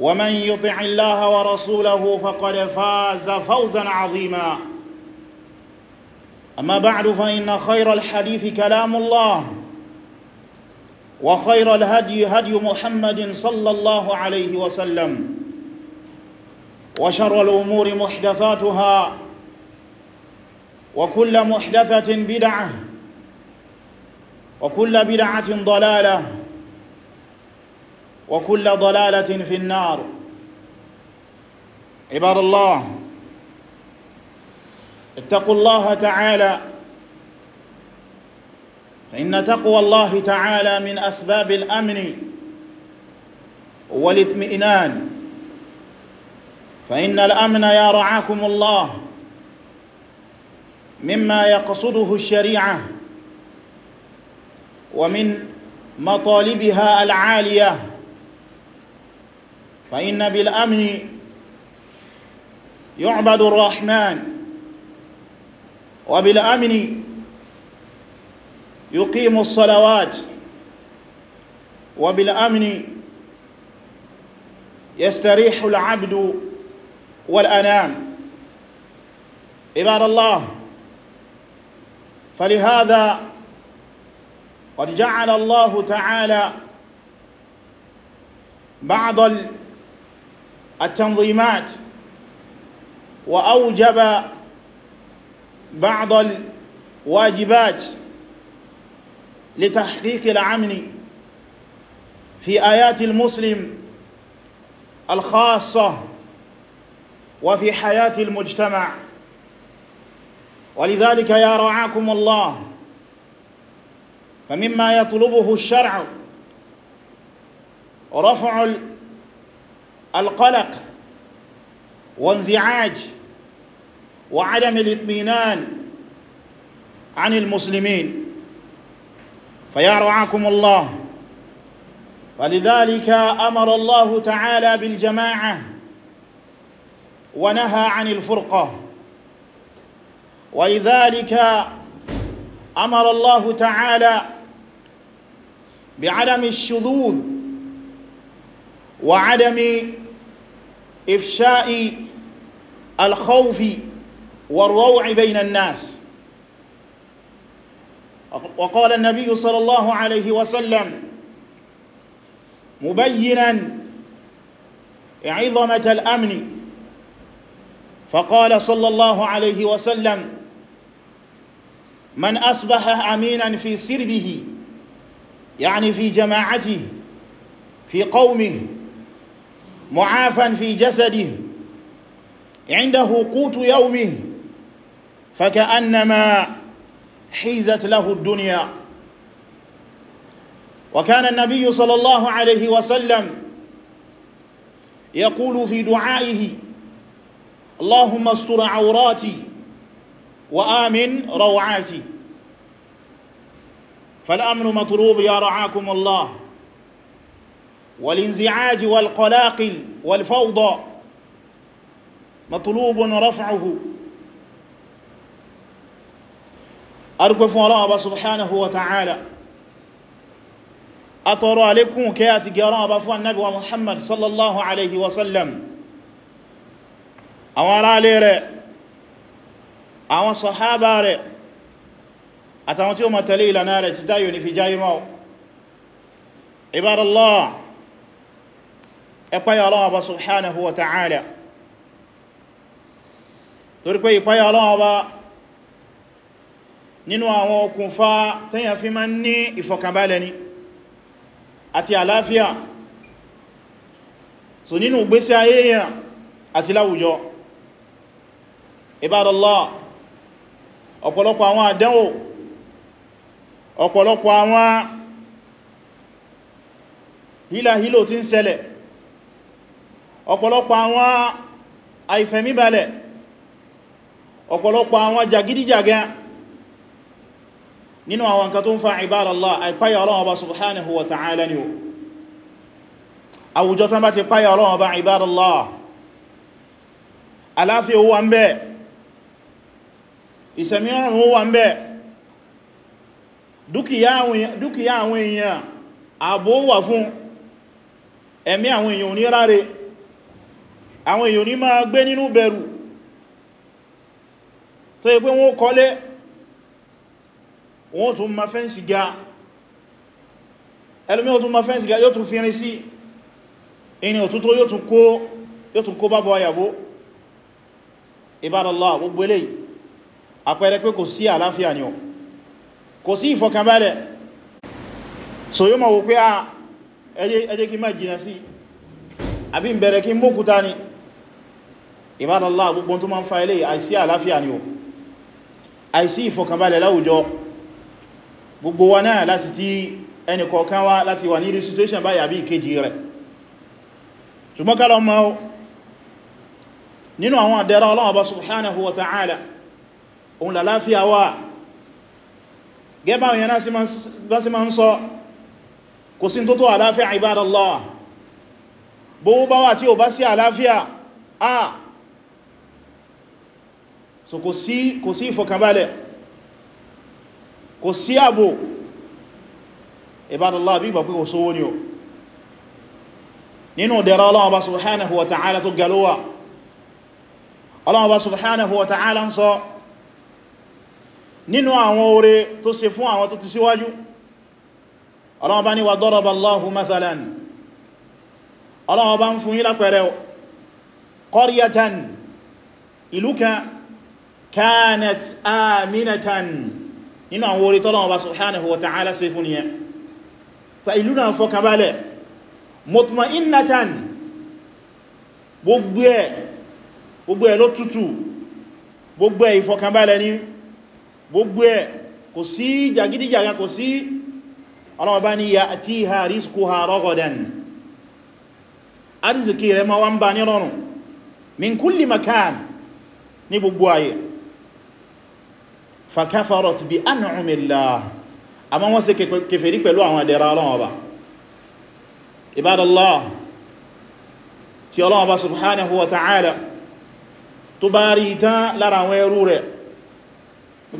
ومن يطع الله ورسوله فقد فاز فوزا عظيما أما بعد فإن خير الحديث كلام الله وخير الهدي هدي محمد صلى الله عليه وسلم وشر الأمور محدثاتها وكل محدثة بدعة وكل بدعة ضلالة وكل ضلالة في النار عباد الله اتقوا الله تعالى فإن تقوى الله تعالى من أسباب الأمن والاطمئنان فإن الأمن يا رعاكم الله مما يقصده الشريعة ومن مطالبها العالية فإن بالأمن يعبد الرحمن وبالأمن يقيم الصلوات وبالأمن يستريح العبد والأنام عباد الله فلهذا قد جعل الله تعالى بعض الأمن التنظيمات وأوجب بعض الواجبات لتحقيق العمل في آيات المسلم الخاصة وفي حياة المجتمع ولذلك يا رعاكم الله فمما يطلبه الشرع رفع القلق وانزعاج وعدم الاطمئنان عن المسلمين فيا رعاكم الله فلذلك أمر الله تعالى بالجماعة ونهى عن الفرقة ولذلك أمر الله تعالى بعدم الشذوذ وعدم إفشاء الخوف والروع بين الناس وقال النبي صلى الله عليه وسلم مبينا عظمة الأمن فقال صلى الله عليه وسلم من أصبح أمينا في سربه يعني في جماعته في قومه معافا في جسده عنده قوت يومه فكأنما حيزت له الدنيا وكان النبي صلى الله عليه وسلم يقول في دعائه اللهم استر عوراتي وآمن روعاتي فالأمن مطلوب يا رعاكم الله والانزعاج والقلاقل والفوضى مطلوب رفعه أرقف الله سبحانه وتعالى أطرى لكم كيات قرابة النبي محمد صلى الله عليه وسلم أورا ليري àwọn sọ̀hábà rẹ̀ àtàwọn tí ó mọ̀ tẹ̀lé ìlànà rẹ̀ ti الله ẹ̀páyà Ọlọ́run Ọba subhanahu wa ta'ala torí pé ìpáyà Ọlọ́run Ọba nínú àwọn okùnfà tẹ́yàn fi máa ń ní ìfọ̀kànbalẹ̀ ni àti àlàáfíà so nínú ìgbésí ayé àti láwùjọ Ibadallah ọ̀pọ̀lọpọ̀ àwọn àdánwò ọ̀pọ̀lọpọ̀ àwọn hílàhílò tí ń ṣẹlẹ̀ ọ̀pọ̀lọpọ̀ àwọn àìfẹ̀míbalẹ̀ ọ̀pọ̀lọpọ̀ àwọn jàgídíjàgá nínú àwọn nǹkan tó ń fa ìbáraláà àìpáyà Ọlọ́run Ọba subhanahu wa ta'ala ni o àwùjọ tán bá ti páyà Ọlọ́run Ọba ìbáraláà aláfíà ó wà ń bẹ ìsẹ̀mí ọ̀run ó wà ń bẹ dúkìá àwọn èèyàn ààbò wà fún ẹ̀mí àwọn èèyàn oníráre àwọn èèyàn ní máa gbé nínú bẹ̀rù tó yẹ pé wọ́n kọ́lé wọ́n tún ma fẹ́ǹsì ga ẹlùmí o tún ma fẹ́ǹsì ga yóò tún fi rin sí ẹni òtútó yóò tún kó bábọ̀ àyàbó Ibadallah gbogbo eléyìí àpẹẹrẹ pé kò sí àlàáfíà ni ọ kò sí ìfọkànbalẹ̀ so yóò ma wò pé a ah, ẹjẹ́ kí má jìnà sí àbí ìbẹ̀rẹ̀ kí mọ́kúta ni Allah gbogbo tó máa ń fa ilé àìsí àláfíà ni o àìsí ìfọ̀kànbalẹ̀ láwùjọ gbogbo wa náà láti tí ẹni kọ̀ọ̀kan wá láti wà ní irú situation báyà bí ìkejì rẹ̀ ṣùgbọ́n kálọ mọ́ nínú àwọn àdẹ́rà Ọlọ́run bá subhanahu wa ta'ala òun làláfíà wà gẹ́bà òyìn náà sí máa ń sọ kò sí tó tó àláfíà ìbádọ́lá bó bá wà tí ò bá sí àláfíà ah so kò sí kò sí ìfọ̀kànbalẹ̀ kò sí ààbò ìbádọ́lá bí ìgbàgbé kò sówó ni o nínú dẹ̀rọ Ọlọ́hun bá subhanahu wa ta'ala tó galowa Ọlọ́hun bá subhanahu wa ń sọ nínú àwọn oore tó ṣe fún àwọn tó ti síwájú Ọlọ́hun bá ní wa daraba Allahu mathalan Ọlọ́hun bá ń fún yí lápẹẹrẹ qaryatan ìlú kan kanat aminatan nínú àwọn orí tọ́lọ̀wọ̀n bá subhanahu wa ta'ala ṣe fún yẹn fa ìlú náà fọkànbalẹ̀ mutma'innatan gbogbo ẹ̀ gbogbo ẹ̀ ló tutù gbogbo ẹ̀ ìfọkànbalẹ̀ ni gbogbo ẹ̀ kò sí jàgídíjàgan kò sí ọlọ́wọ́ bá ní ya'tiha rizquha ragadan arziki rẹ̀ ma wá ń ní rọrùn min kulli makan ní gbogbo ayé fakafarat bi an'umillah àmọ́ wọ́n ṣe kèfèrí pẹ̀lú àwọn ìdẹ̀ra Ọlọ́run Ọba ibadallah tí Ọlọ́run Ọba subhanahu wa ta'ala tó bá rí tán lára àwọn ẹrú rẹ̀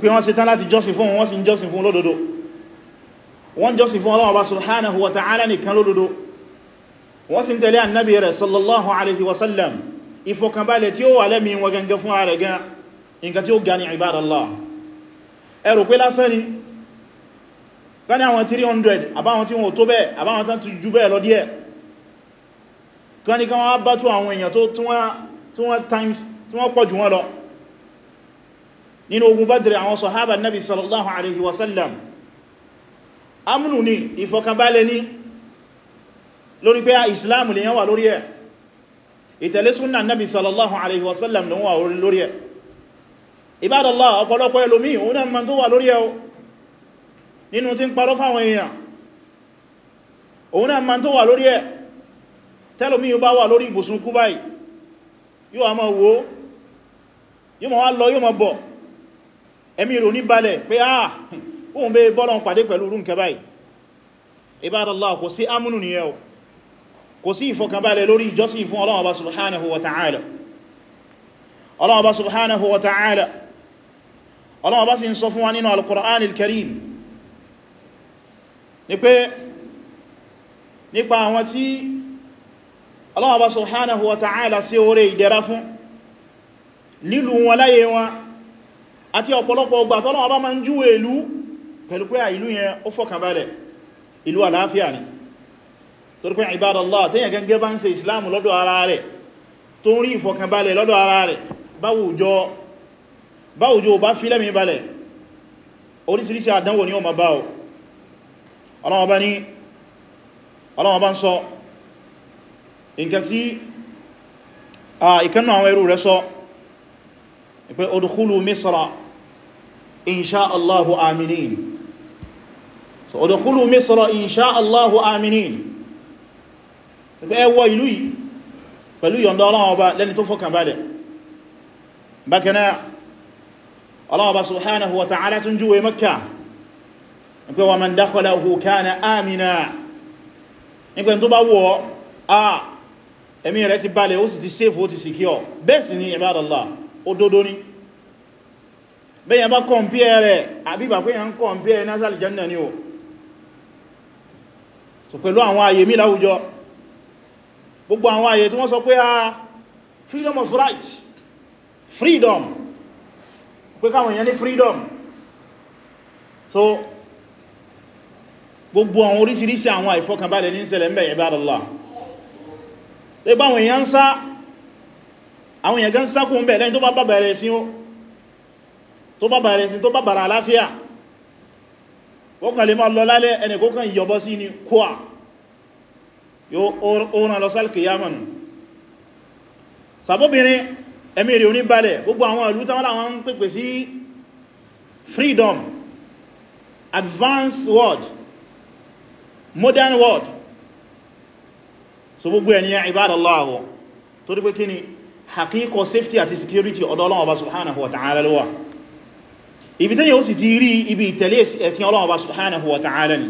pé wọ́n ṣe tán láti jọ́sìn fún wọ́n sì ń jọ́sìn fún lódodo wọ́n jọ́sìn fún Ọlọ́run Ọba subhanahu wa ta'ala nìkan lódodo wọ́n sì tẹ̀lé annabi rẹ̀ sallallahu alaihi wasallam ìfọkànbalẹ̀ tí ó wà lẹ́mí wọn fún ara rẹ̀ gan nǹkan tí ó gani ibadallah ẹrù pé lásán ni gani àwọn 300 àbáwọn tí wọ́n tó bẹ́ẹ̀ àbáwọn tán ti jù bẹ́ẹ̀ lọ díẹ̀ gani kan wọ́n bá tó àwọn èèyàn tí wọ́n times tí wọ́n pọ̀ jù wọ́n lọ nínú ogun Badr àwọn sahaba nabi sallallahu alaihi wasallam amnu ni ìfọkànbalẹ̀ ni lórí pé islam lè yán wà lórí ẹ̀ ìtẹ̀lé súnnà nabi sallallahu alaihi wasallam lè wà lórí ẹ̀ ìbádọ́lá ọ̀pọ̀lọpọ̀ ẹlòmí òun náà mọ́ tó wà lórí ẹ̀ o nínú tí ń parọ́ fáwọn èèyàn òun náà mọ́ tó wà lórí ẹ̀ tẹ́lòmí bá wà lórí ibùsùn kú báyìí yóò a máa wò yóò máa wá lọ yóò máa bọ̀ ẹ̀mí rò ní balẹ̀ pé ah òun bẹ́ bọ́lọ̀ pàdé pẹ̀lú orú wa ta'ala Ọlọ́run Ọba subhanahu wa ta'ala Ọlọ́run bá sì ń sọ fún wa nínú al-Qur'an al-Karim ní pé nípa àwọn tí Ọlọ́run bá subhanahu wa ta'ala sí oore ìdẹ̀ra fún nílùú wọn láyé wọn àti ọ̀pọ̀lọpọ̀ ọgbà tọ́lọ́run bá máa ń júwe ìlú pẹ̀lú pé ìlú yẹn ó fọkànbalẹ̀ ìlú àlàáfíà ni torí báwùjọ bá fi lẹ́mí balẹ̀ orísìírísìí àdánwò ni ó ma bá o ọlọ́wọ́ bá ní ọlọ́wọ́ bá ń sọ nǹkan tí a ìkannu àwọn ẹrù rẹ̀ sọ pé odùkúlù misra inṣá allahu aminin so odùkúlù misra inṣá allahu aminin pé ẹ wọ ìlú yìí pẹ̀lú yọ̀ndọ́ ọlọ́wọ́ lẹ́ni tó fọkàn balẹ̀ bákanáà Allah subhanahu wa ta'ala tún júwe Makka nípa wa man dakhalahu kana amina nípa tó bá wọ́ a ẹ̀mí rẹ̀ ti balẹ̀ ó sì ti safe ó ti secure bẹ́ẹ̀ sì ni ibadallah òdodo ni bẹ́yàn bá kọ̀mpíẹ̀ rẹ̀ àbíbà freedom of right freedom pé káwọn èèyàn ní freedom so gbogbo àwọn oríṣiríṣi àwọn àìfọkànbalẹ̀ ní ṣẹlẹ̀ ń bẹ̀yẹ̀ báadọ́lá lè bá àwọn èèyàn ń sá àwọn èèyàn gan sákùn ń bẹ̀ lẹ́yìn tó bá bàbàrẹ̀ sí ó tó bàbàrẹ̀ sí tó bàbàrẹ̀ àláfíà wọ́n kàn lè máa lọ lálẹ́ ẹni kó kàn yọbọ́ sí ni kúà yóò rán lọ sálkìyàmọ̀nù sàbóbìnrin ẹ̀mí rẹ̀ oníbalẹ̀ gbogbo àwọn ìlú tán láwọn ń pèpè sí freedom advanced world modern world so gbogbo ẹni ibadallah àwọ̀ tó dípé kí ni hakíkọ safety àti security ọ̀dọ̀ Ọlọ́run Ọba subhanahu wa ta'ala ló wà ibi tẹ́yẹ̀ ó sì ti rí ibi ìtẹ̀lé ẹ̀sìn Ọlọ́run Ọba subhanahu wa ta'ala ni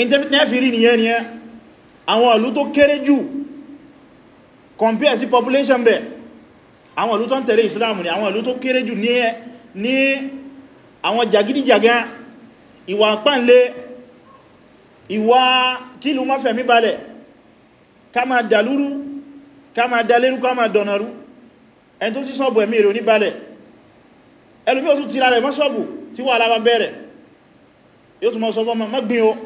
in tẹ́fẹ́ tẹ́fẹ́ rí nìyẹn ni àwọn ìlú tó kéré jù compare sí population bẹ́ẹ̀ àwọn ìlú tó ń tẹ̀lé islam ni àwọn ìlú tó kéré jù ní àwọn jàgídíjàgá ìwà pàǹlé ìwà kílù mọ́fẹ̀mí balẹ̀ ká ma dàlúrú ká ma dalérú ká ma dọ̀nàrú ẹni tó sí sọ́bù ẹ̀mí èrò ní balẹ̀ ẹlùmí ó tún tira rẹ̀ mọ́ sọ́bù tí wà lábá bẹ̀rẹ̀ yóò tún mọ́ sọ́bọ́ mọ́ gbìn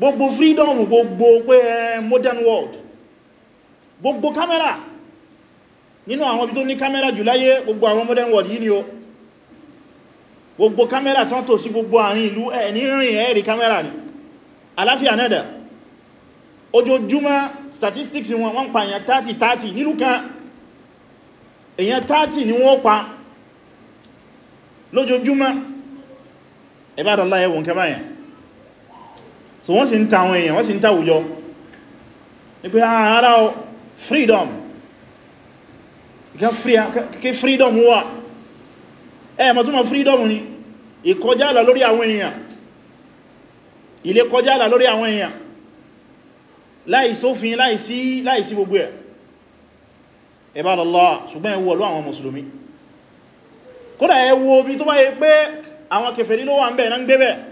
gbogbo freedom gbogbo pé eh, modern world gbogbo camera nínú àwọn ibi tó ní camera jù láyé gbogbo àwọn modern world yìí ni o gbogbo camera tán tò sí gbogbo àrin ìlú ẹ̀ ní rìn ẹ̀rì camera ni aláfíà nẹ́dà ojoojúmọ́ statistics wọn wọ́n pa èyàn 30 30 nílùú kan èyàn 30 ni wọ́n pa lójoojúmọ́ ẹ̀bá àdọ́lá ẹwọ̀n kẹbáyàn so wọ́n sì ń ta àwọn èèyàn wọ́n sì ń ta àwùjọ ní pé ah, ara o freedom kí freedom wà ẹ mọ̀ túnmọ̀ freedom ni ìkọjá àlà lórí àwọn èèyàn ilé kọjá àlà lórí àwọn èèyàn láì sófin láì sí gbogbo ẹ̀ ẹ̀bá lọ́lá ṣùgbọ́n ẹwọ́ lọ àwọn mùsùlùmí kódà ẹwọ́ bí tó bá yẹ pé àwọn kèfèrí ló wà ń bẹ̀ náà ń gbé bẹ́ẹ̀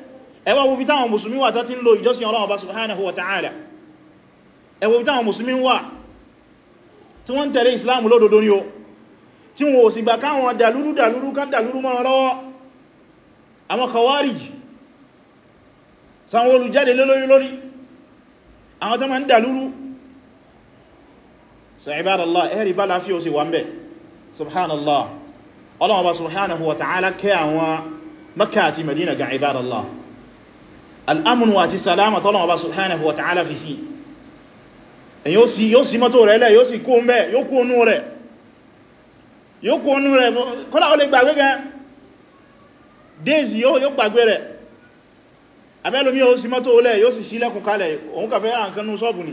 ẹ wá wo bí táwọn mùsùlùmí wà tó ti ń lo ìjọsìn Ọlọ́run Ọba subhanahu wa ta'ala ẹ wo bí táwọn mùsùlùmí wà tí wọ́n tẹ̀lé Islam lódodo ni o tí wọ́n ò sì gbà káwọn dàlúrú dàlúrú kan dàlúrú mọ́ lọ́wọ́ àwọn Khawarij sanwó olùjáde lórí lórí àwọn tó ma ń dàlúrú so al'amun wa ti salama tọ́lọ̀ ọba subhanahu wa ta'ala fi sí yóò sí mọ́tò rẹ̀ lẹ́ yóò sì kó mẹ́ yóò kó nú rẹ̀ yóò kó nú rẹ̀ kọ́lá o lè gbàgbé gan days yóò gbàgbé rẹ̀ abẹ́lómi yóò sí mọ́tò lẹ́ yóò sì sílẹ̀kùn kalẹ̀ òun kàfẹ́ àǹkanú sọ́bù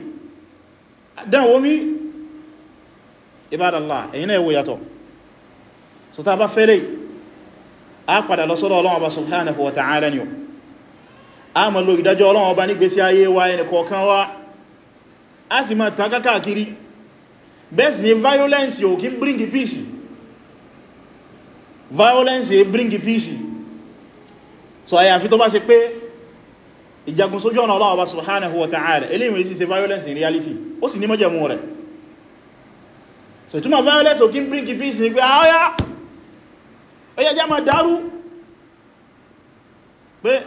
ni a máa lo ìdájọ́ Ọlọ́run ọba nígbésí ayé wa ẹnìkọ̀ọ̀kan wa a sì máa tàn kákàkiri bẹ́ẹ̀ ni violence ò kí bring peace violence è bring peace so àyàfi tó bá ṣe pé ìjagun sójú ọ̀nà Ọlọ́run ọba subhanahu wa ta'ala eléyìí sì ṣe violence in reality ó sì ní mọ́jẹ̀mú rẹ̀ so ìtumọ̀ violence ò kí bring peace ni pé àáyá ah, ó yẹ jẹ́ máa dárú pé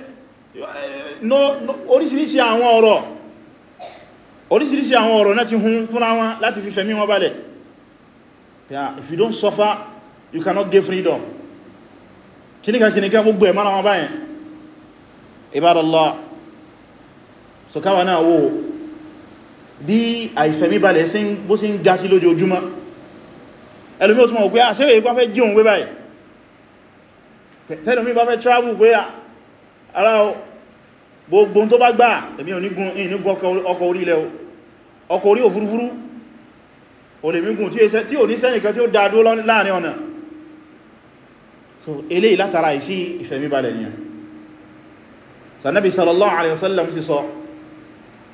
oríṣiríṣi àwọn ọ̀rọ̀ oríṣiríṣi àwọn ọ̀rọ̀ náà ti hun fúnra wọn láti fi fẹ̀mí wọn balẹ̀ if you don't suffer you cannot get freedom kíníkà kíníkà gbogbo ẹ̀ mara wọn báyẹn ibadallah so káwà náà wo bí àìfẹ̀mí balẹ̀ bó sí ń ga sí lójoojúmọ́ ẹlòmí ò túnmọ̀ òpé àṣẹ́wẹ̀ ah, ipá fẹ́ jíun wé báyìí tẹ́lòmí bá fẹ́ travel pé ah, ara gbogbo tó bá gbà èmi ò nígun ọkọ̀ orí ilẹ̀ ọkọ̀ orí òfurufú o lè mígun tí ò ní sẹ́nìkan tí ó dáadó láàrin ọ̀nà so eléyìí látara ìsí ìfẹ̀míbalẹ̀ ni sanabi sallallahu alaihi wasallam sì sọ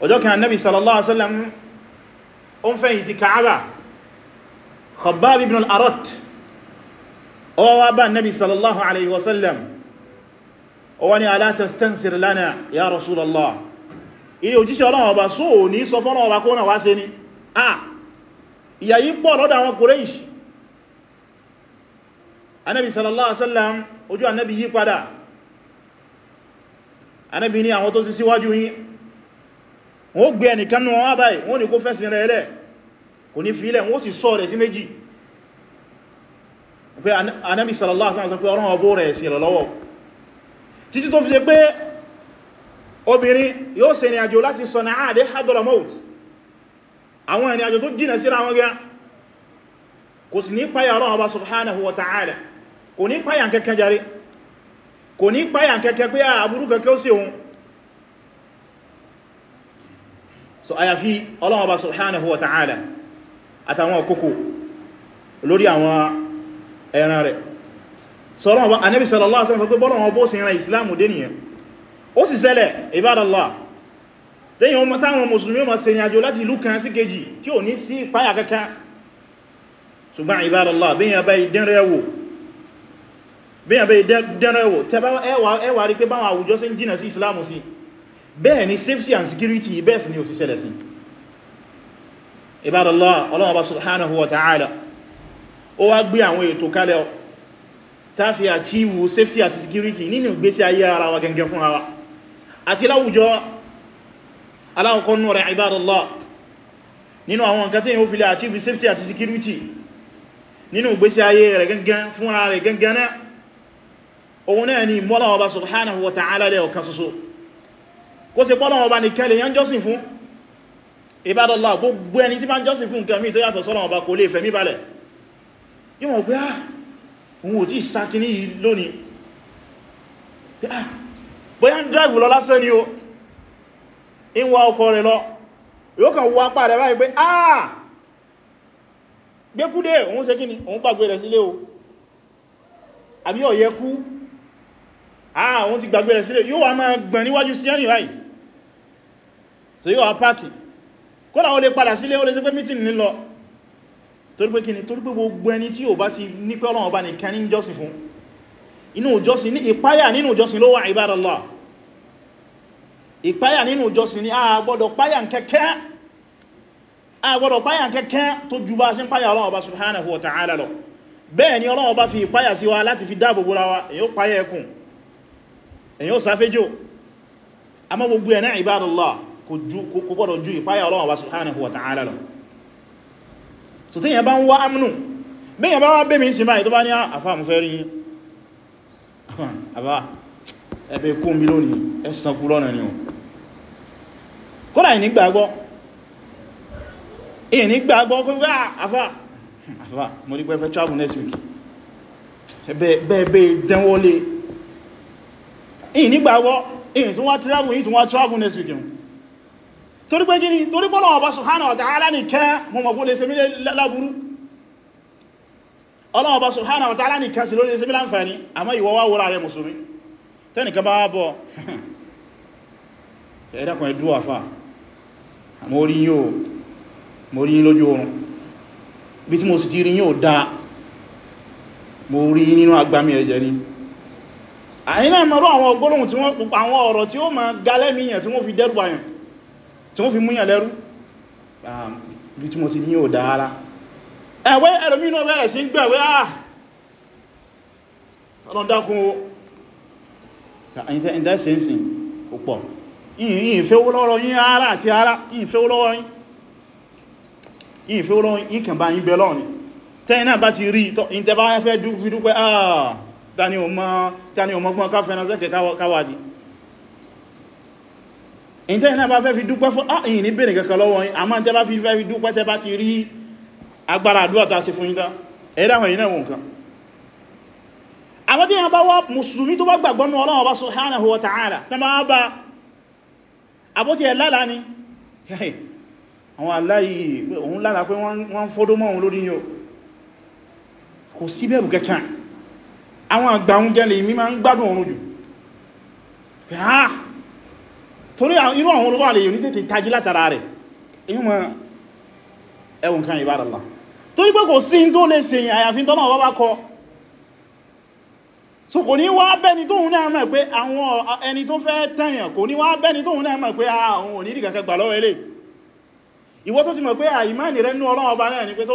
ọjọ́ kan nabi sallallahu alaihi wasallam ó ń fẹ̀yìn ti ka'aba khabbab ibn al-arat ó ó wá ní ala tastansir lana ya Rasulullah ilé òjíṣẹ́ ọlọ́run ọba só ò ní sọ fọ́nà ọba kó náà wá ṣe ni ah ìyà yìí pọ̀ lọ́dọ̀ àwọn Quraysh anábi sallallahu alaihi wasallam ojú anábi yí padà anábi ní àwọn tó sì síwájú yín wọ́n gbé ẹnìkan wọn kò ní anábi sallallahu alaihi wasallam títí tó fi ṣe pé obìnrin yóò ṣe ìrìn àjò láti Sana'a dé Hadramaut àwọn ìrìn àjò tó jìnà síra wọn gá kò sì ní páyà Ọlọ́run Ọba subhanahu wa ta'ala kò ní páyà kẹ́kẹ́ jari kò ní páyà kẹ́kẹ́ pé àbúrú kẹ́kẹ́ ó sì ohun so àyàfi Ọlọ́run Ọba subhanahu wa ta'ala àtàwọn òkòkò lórí àwọn ẹran rẹ̀ sọ́rọ̀ ọba anẹ́bí sallallahu alaihi wasallam sọ pé bọ́lọ̀ wọn bó sì ran islam dé nìyẹn ó sì ṣẹlẹ̀ ibadallah tẹ́yìn ọmọ táwọn mùsùlùmí ọmọ ṣe ìrìnàjò láti ìlú kan sí kejì tí ò ní sí ìpáyà kankan ṣùgbọ́n ibadallah bíyàn bá ìdẹ́rẹ́wò tẹbá ẹwà rí pé báwọn àwùjọ sí jìnà sí islam sí bẹ́ẹ̀ ni safety and security bẹ́ẹ̀ sì ni ò sì ṣẹlẹ̀ sí ibadallah ọlọ́wọ́ subhanahu ta'ala ó wá gbé àwọn ètò kalẹ̀ tá fi achieve safety àti security nínú ìgbésí ayé ara wa gangan fún ara àti láwùjọ aláwọ̀kọ́ nù rẹ̀ ibadallah nínú àwọn nǹkan tí yíò fi lè achieve safety àti security nínú ìgbésí ayé rẹ̀ gangan fún ara rẹ̀ gangan náà òun náà ni mọ́lá ọba subhanahu wa ta'ala lẹ́ ọ̀kan ṣoṣo kó ṣe pọ́lá ọba ní kẹlẹ̀ yán jọ́sìn fún ibadallah gbogbo ẹni tí bá jọ́sìn fún nǹkan mí tó yàtọ̀ sọ́lá ọba kò lè fẹ̀mí balẹ̀ yíò mọ̀ pé ah òun ò tí sáki ní lónìí ah, bóyá ń drive lọ lásán ni o in wa ọkọ̀ rẹ̀ lọ yóò kàn wá pàdé báyìí pé àà ah, gbékúdé òun ṣe kí ni òun gbàgbé rẹ̀ sílé o àbí ọ̀yẹ́kú àà ah, òun ti gbàgbé rẹ̀ sílé yóò wá máa gbọ̀n níwájú sí ẹni báyìí so yóò torí pé kíni torí pé gbogbo ẹni tí ó bá ti ní pé Ọlọ́run ọba nìkan ní jọ́sìn fún inú ìjọsìn ní ìpáyà nínú ìjọsìn ló wà ibadallah ìpáyà nínú ìjọsìn ní a gbọ́dọ̀ páyà kẹ́kẹ́ a gbọ́dọ̀ páyà kẹ́kẹ́ tó ju bá ṣe ń páyà Ọlọ́run ọba subhanahu wa ta'ala lọ bẹ́ẹ̀ ni Ọlọ́run ọba fi ìpáyà sí wa láti fi dáàbò bóra wa lọ so tí èyàn bá ń wá amnù bí èyàn bá wá bẹ́ mi sí máa ìtọ́bá ní ah, àfá mú fẹ́ rí yí àbá ẹ̀bẹ̀ kó mi lónìí ẹ̀sìtànkú lọ́nà ni o kódà ìnígbàgbọ́ ìnígbàgbọ́ kó gbá ah, àfá àfá mo rí pẹ́fẹ́ travel next week ẹ̀bẹ̀ dánwọ́lé ìnígbàgbọ́ ìyìn tún wá travel next week torí pé gíní torí pé Ọlọ́hun Ọba subhanahu wa ta'ala nìkan mọ́ mọ̀ kó lè ṣe mí láburú Ọlọ́hun Ọba subhanahu wa ta'ala nìkan sí ló lè ṣe mí láǹfààní àmọ́ ìwọ wá wúra rẹ̀ mùsùlùmí tẹ́nìkan bá bọ̀ ẹ̀dàkùn ẹ̀dù àfà mórí yóò mórí yín lójú oorun bí tí mo sì ti tí wọ́n fi múyàn lẹ́rú ah, bí tí mo ti ní ò dára ẹ̀wẹ́ eh, ẹ̀rọmí náà bẹ̀rẹ̀ sí gbẹ̀wẹ́ àà ah, ọlọ́dákun ìdẹ́sẹ̀nsìn ah, púpọ̀ ìfẹ́ olóòrọ̀ yí ara àti ara ìfẹ́ olóòrọ̀ yí kẹ̀mbá yí bẹ̀lọ́ ni tẹ́yìn náà bá ti rí ìtẹ́bá fẹ́ dúpẹ́ àà tani ọmọ gbọ́n káfẹ́ náà sẹ́kẹ̀ káwàá ìjẹ́ iná bá fẹ́ fi dúpẹ́ fún ààyìn ah, ní bèèrè kankan lọ́wọ́ yín àmá tẹ́ bá fi fẹ́ fi dúpẹ́ tẹ́ bá ti rí agbára àdúwà tàà sí fún yín tán ẹ̀dá wọ̀nyí náà wọn kan àwọn tí mùsùlùmí tó bá gbàgbọ́ ní ni àwọn aláyìí òun lálá pé wọ́n fọ́dọ́ mọ́ òun lórí yóò kò sí bẹ̀rù kankan àwọn àgbà oúnjẹ torí irú àwọn olówó àlèyàn ní tètè tají látara rẹ̀ ìhùnmọ̀ ẹwùn kan ìbáraláà torí pé kò sí tó lè ṣe àyàfi tọ́nà ọba bá kọ so kò ní wá bẹ́ni tóhun náà mọ̀ pé àwọn ẹni tó fẹ́ tẹ̀yàn kò ní wá bẹ́ni tóhun náà mọ̀ pé àwọn onídì kankan gbà lọ́wọ́ ilé ìwọ tó ti mọ̀ pé àìmáàni ah, rẹ̀ nú Ọlọ́run ọba náà ni pé tó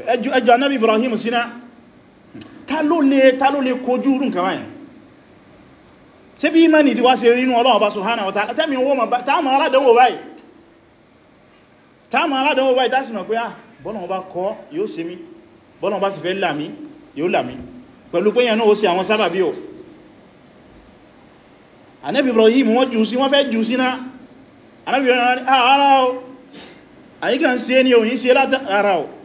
ẹjọ́ anábi Ibrahim síná ta ló lè ta ló lè kojú rú nǹkan báyìí ṣe bí imani ti wá ṣe rínú Ọlọ́run Ọba subhanahu wa ta'ala tẹ́mi wọ́n táàmà aládánwò báyìí táàmà aládánwò báyìí tásì mọ̀ pé à ah, bọ́lọ̀wọ́ bá kọ́ yóò ṣe mí bọ́lọ̀wọ́ bá sì fẹ́ làmí yóò làmí pẹ̀lú pé yẹn náà ó ṣe àwọn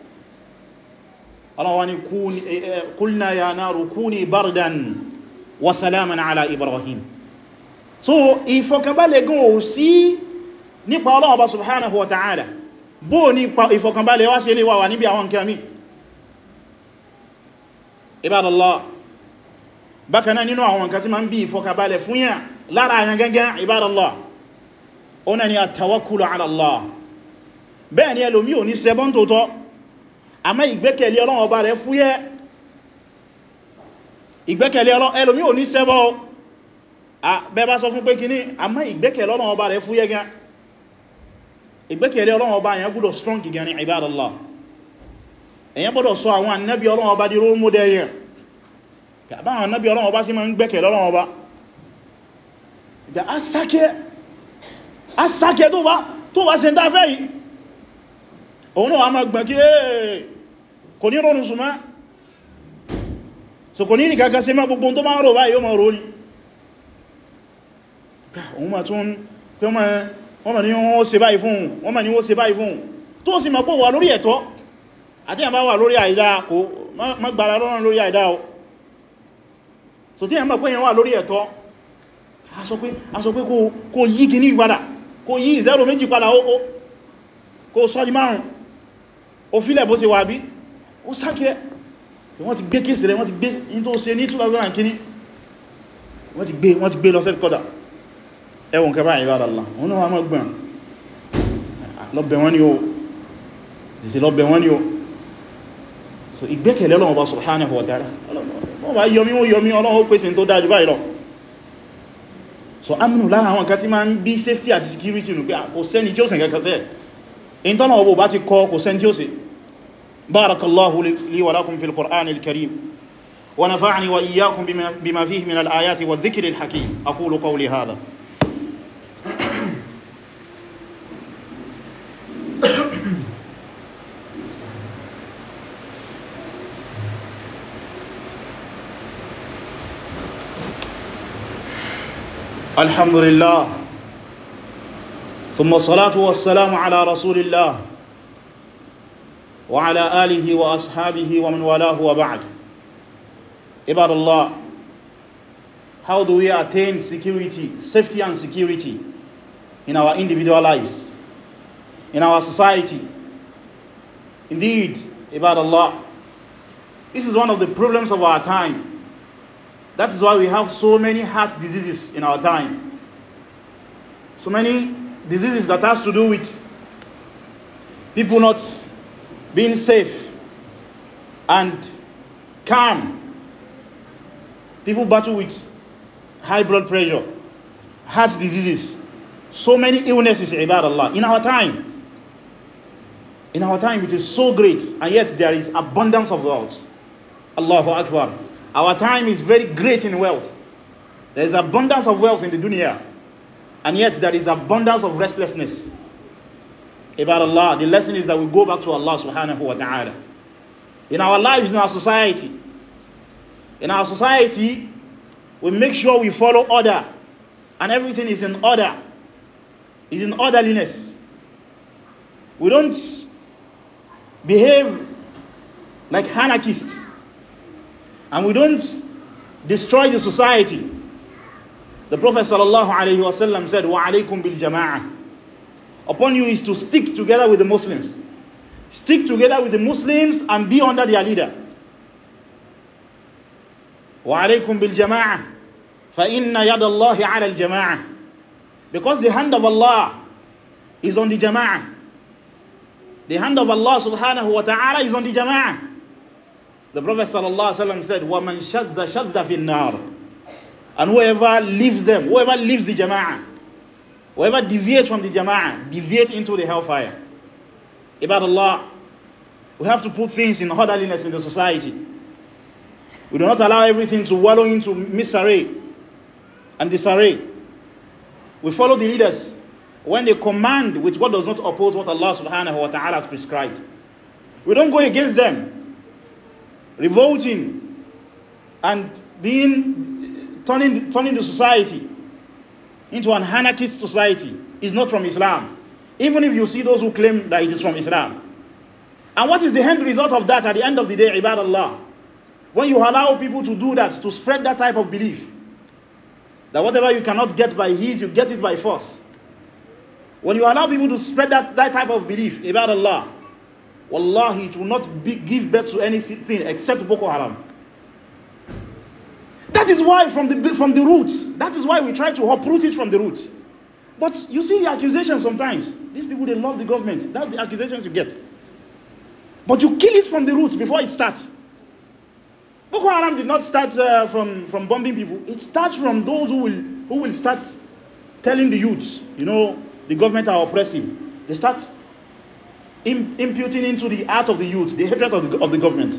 ọlọ́wọ́ ni kulna eh, eh, ya naru kuni bardan wa salaman ala ibrahim so ìfọkànbalẹ̀ gan ò sí nípa ọlọ́wọ́ subhanahu wa ta'ala bó ní ìfọkànbalẹ̀ wá sí ilé wà níbi àwọn kẹmí ibadallah bákaná nínú àwọn nǹkan tí ma ń bí ìfọkànbalẹ̀ fún yà lára àyàn gangan ibadallah ó náà ni àtàwákùlù ala Allah bẹ́ẹ̀ ni ẹlòmí ò ní sẹ́bọ́n tó tọ́ àmọ́ ìgbẹ́kẹ̀lé Ọlọ́run ọba rẹ̀ fúyẹ́ ìgbẹ́kẹ̀lé Ọlọ́run ẹlòmí ò ní ṣẹbọ bẹ́ẹ̀ bá sọ fún pé kíní àmọ́ ìgbẹ́kẹ̀lé Ọlọ́run ọba rẹ̀ fúyẹ́ gan ìgbẹ́kẹ̀lé Ọlọ́run ọba yẹn gbọ́dọ̀ strong gan ní ibadallah èyàn gbọ́dọ̀ sọ àwọn annabi Ọlọ́run ọba di role model yẹn kàbá àwọn annabi Ọlọ́run ọba sí òun náà a máa gbọ̀n kí èèyàn kò ní rọrùn súnmá so kò ní ní kankan sí má gbogbo tó máa rò báyìí yóò máa rò ní òun ma tún pé wọ́n ma ní wọ́n se báyìí fún wọ́n ma ní wọ́n ṣe báyìí fún tó sì ma pọ̀ wà lórí ẹ̀tọ́ àti àbá wà lórí àìdá kò má gbára lọ́rùn lórí àìdá o so tí ẹ̀mà pé yẹn wà lórí ẹ̀tọ́ a sọ pé kò yí gini padà kò yí ìzẹ́rò méjì padà ó kò sọ́ di márùn-ún òfílẹ̀ bó ṣe wà bí ó sákẹ́ wọ́n ti gbé kéèsì rẹ̀ wọ́n ti gbé in tó ṣe ní 2000 wọ́n ti gbé lọ sẹ́kọ́dà ẹwọ̀n kẹfà ìbáraláà wọ́n náà wọ́n gbọ́n lọ́bẹ̀ wọ́n ni ó ìsì lọ́bẹ̀ wọ́n ni ó so ìgbẹ́kẹ̀lé Ọlọ́run bá subhanahu wa ta'ala wọ́n bá yọmí wọ́n yọmí Ọlọ́run ó pèsè tó dájú báyìí lọ so aminu lára àwọn kan tí ma ń bí safety àti security nù pé kò sẹ́ni tí ó sẹ̀ kẹ́kẹ́ sẹ́ بارك الله لي ولكم في القرآن الكريم ونفعني وإياكم بما فيه من الآيات والذكر الحكيم أقول قولي هذا الحمد لله ثم الصلاة والسلام على رسول الله وعلى آله وأصحابه ومن والاه وبعد عباد الله how do we attain security safety and security in our individual lives in our society indeed about Allah this is one of the problems of our time that is why we have so many heart diseases in our time so many diseases that has to do with people not being safe and calm. People battle with high blood pressure, heart diseases, so many illnesses, ibadallah, in our time. In our time, it is so great, and yet there is abundance of wealth. Allahu Akbar. Our time is very great in wealth. There is abundance of wealth in the dunya, and yet there is abundance of restlessness. about Allah, the lesson is that we go back to Allah subhanahu wa ta'ala. In our lives, in our society, in our society, we make sure we follow order and everything is in order, is in orderliness. We don't behave like anarchists and we don't destroy the society. The Prophet sallallahu alayhi wa sallam said, وَعَلَيْكُمْ بِالْجَمَاعَةِ upon you is to stick together with the Muslims. Stick together with the Muslims and be under their leader. وَعَلَيْكُمْ بِالْجَمَاعَةِ فَإِنَّ يَدَ اللَّهِ عَلَى الْجَمَاعَةِ Because the hand of Allah is on the jama'ah. The hand of Allah subhanahu wa ta'ala is on the jama'ah. The Prophet sallallahu alaihi Wa said, وَمَنْ شَدَّ شَدَّ فِي النَّارِ And whoever leaves them, whoever leaves the jama'ah, Whoever deviates from the jama'ah, deviate into the hellfire. About Allah, we have to put things in orderliness in the society. We do not allow everything to wallow into misery and disarray. We follow the leaders when they command with what does not oppose what Allah subhanahu wa ta'ala has prescribed. We don't go against them, revolting and being turning, turning the society into an anarchist society is not from Islam even if you see those who claim that it is from Islam and what is the end result of that at the end of the day ibad Allah when you allow people to do that to spread that type of belief that whatever you cannot get by his you get it by force when you allow people to spread that, that type of belief about Allah wallahi it will not be, give birth to anything except Boko Haram That is why from the from the roots. That is why we try to uproot it from the roots. But you see the accusations sometimes. These people they love the government. That's the accusations you get. But you kill it from the roots before it starts. Boko Haram did not start uh, from, from bombing people. It starts from those who will, who will start telling the youths, you know, the government are oppressive. They start imputing into the heart of the youth the hatred of the, of the government.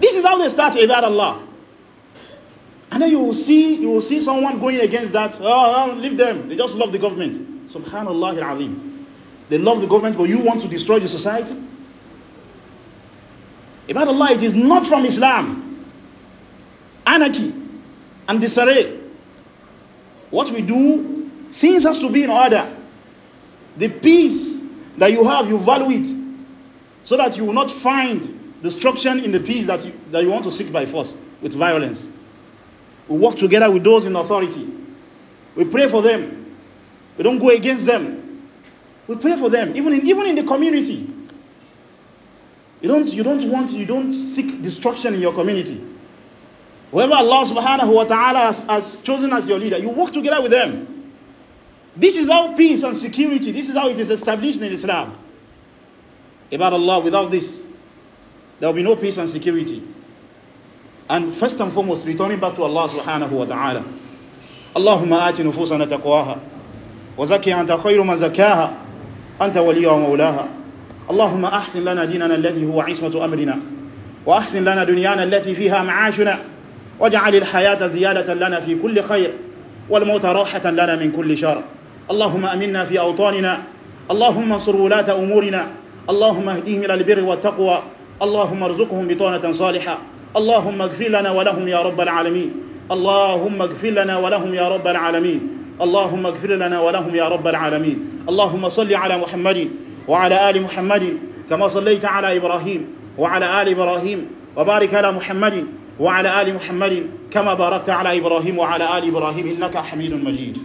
This is how they start Ibad Allah. And then you will see, you will see someone going against that. Oh, oh leave them. They just love the government. Subhanallah al-Azim. They love the government, but you want to destroy the society? About Allah, it is not from Islam. Anarchy and disarray. What we do, things has to be in order. The peace that you have, you value it. So that you will not find destruction in the peace that you, that you want to seek by force with violence. We work together with those in authority. We pray for them. We don't go against them. We pray for them, even in, even in the community. You don't, you don't want, you don't seek destruction in your community. Whoever Allah subhanahu wa ta'ala has, has chosen as your leader, you work together with them. This is how peace and security, this is how it is established in Islam. About Allah, without this, there will be no peace and security. and first and foremost returning back to Allah subhanahu wa ta'ala Allahumma ati nufusana taqwaha wa zaki anta khayru man zakaaha anta waliya wa maulaha Allahumma ahsin lana dinana alladhi huwa ismatu amrina wa ahsin lana dunyana allati fiha ma'ashuna waj'al al-hayata ziyadatan lana fi kulli khayr wal mauta rahatan lana min kulli shar Allahumma aminna fi awtanina Allahumma ansur wulata umurina Allahumma ihdihim ila al-birri wat taqwa Allahumma arzuqhum bitawatan salihah اللهم اغفر لنا ولهم يا رب العالمين اللهم اغفر لنا ولهم يا رب العالمين اللهم اغفر لنا ولهم يا رب العالمين اللهم صل على محمد وعلى آل محمد كما صليت على إبراهيم وعلى آل إبراهيم وبارك على محمد وعلى آل محمد كما باركت على إبراهيم وعلى آل إبراهيم إنك حميد مجيد